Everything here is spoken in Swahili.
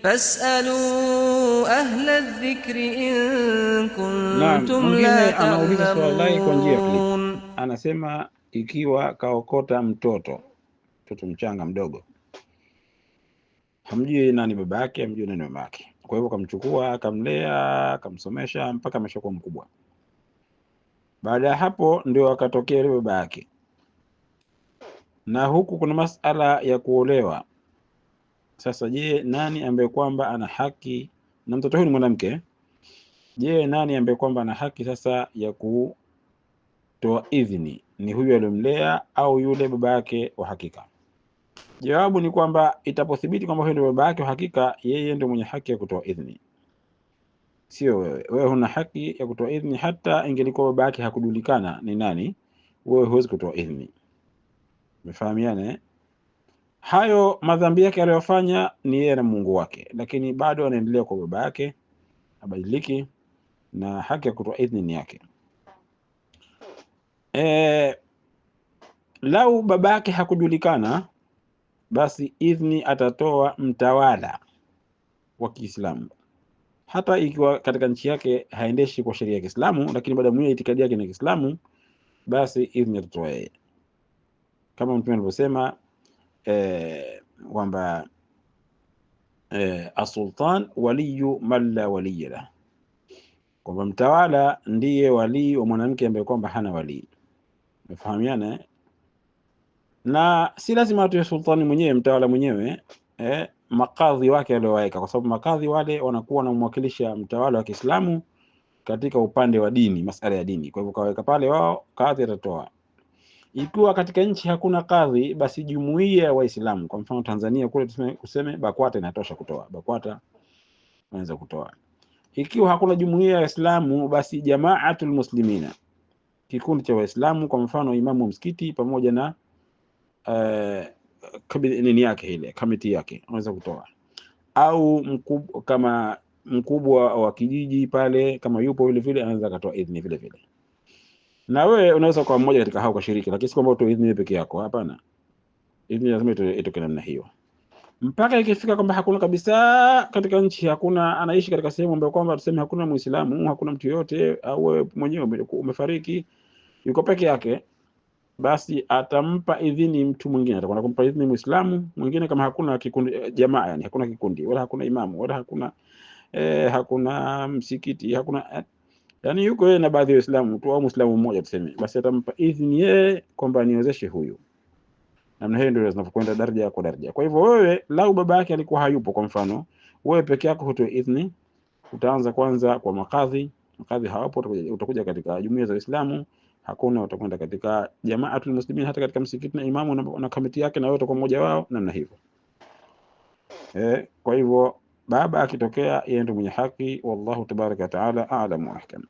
Fasalu ahla dhikri in kuntum la ta'lamun. kwa njia Anasema ikiwa kaokota mtoto mtoto mchanga mdogo, hamjui nani baba yake, hamjui nani mama yake, kwa hivyo kamchukua, akamlea, akamsomesha mpaka ameshakuwa mkubwa. Baada ya hapo ndio akatokea ile baba yake, na huku kuna masala ya kuolewa sasa je, nani ambaye kwamba ana haki na mtoto huyu ni mwanamke? Je, nani ambaye kwamba ana haki sasa ya kutoa idhini, ni huyu aliyomlea au yule baba yake wa hakika? Jawabu ni kwamba itapothibiti kwamba huyu ndio baba yake wa hakika, yeye ndio mwenye haki ya kutoa idhini, sio wewe. Wewe huna haki ya kutoa idhini, hata ingelikuwa baba yake hakujulikana ni nani, wewe huwezi kutoa idhini. Umefahamiana eh? hayo madhambi yake aliyofanya ni yeye na Mungu wake, lakini bado anaendelea kwa baba yake, abadiliki na haki ya kutoa idhini ni yake. E, lau baba yake hakujulikana, basi idhini atatoa mtawala wa Kiislamu hata ikiwa katika nchi yake haendeshi kwa sheria ya Kiislamu, lakini baada ya itikadi yake na Kiislamu, basi idhini atatoa yeye, kama Mtume alivyosema kwamba eh, e, eh, e, asultan waliyu man la waliya lah, kwamba mtawala ndiye walii wa mwanamke ambaye kwamba hana walii. Mefahamiana na si lazima atuye sultani mwenyewe mtawala mwenyewe eh, makadhi wake aliowaweka, kwa sababu makadhi wale wanakuwa wanamwakilisha mtawala wa Kiislamu katika upande wa dini, masala ya dini. Kwa hivyo kaweka pale wao kadhi atatoa ikiwa katika nchi hakuna kadhi, basi jumuiya ya Waislamu, kwa mfano Tanzania kule tuseme, kuseme BAKWATA inatosha kutoa, BAKWATA wanaweza kutoa. Ikiwa hakuna jumuiya ya Waislamu, basi Jamaatul Muslimina, kikundi cha Waislamu, kwa mfano imamu msikiti pamoja na uh, nini yake ile kamiti yake wanaweza kutoa, au mkub, kama mkubwa wa kijiji pale kama yupo vile vile anaweza akatoa idhini vile vile na wewe unaweza kuwa mmoja katika hao kushiriki, lakini si kwamba utoe idhini peke yako. Hapana, idhini lazima itoke namna hiyo, mpaka ikifika kwamba hakuna kabisa katika nchi, hakuna anaishi katika sehemu ambayo kwamba tuseme hakuna Muislamu, hakuna mtu yote, au wewe mwenyewe umefariki, yuko peke yake, basi atampa idhini mtu mwingine, atakwenda kumpa idhini Muislamu mwingine, kama hakuna kikundi eh, jamaa, yani hakuna kikundi wala hakuna imamu wala hakuna eh, hakuna msikiti, hakuna eh, yani yuko yeye na baadhi ya Waislamu tu au Muislamu mmoja tuseme, basi atampa idhini yeye kwamba niozeshe huyu. Namna hiyo ndio zinavyokwenda daraja kwa daraja. Kwa hivyo wewe, lau baba yake alikuwa hayupo, kwa mfano wewe peke yako hutoe idhini, utaanza kwanza kwa makadhi. Makadhi hawapo, utakuja, utakuja katika jumuiya za Waislamu hakuna, utakwenda katika jamaatul muslimin, hata katika msikiti na imamu na, na kamati yake, na wewe utakuwa mmoja wao, namna hivyo eh. Kwa hivyo baba akitokea yeye ndo mwenye haki, wallahu tabaraka wataala a'lamu wa ahkam.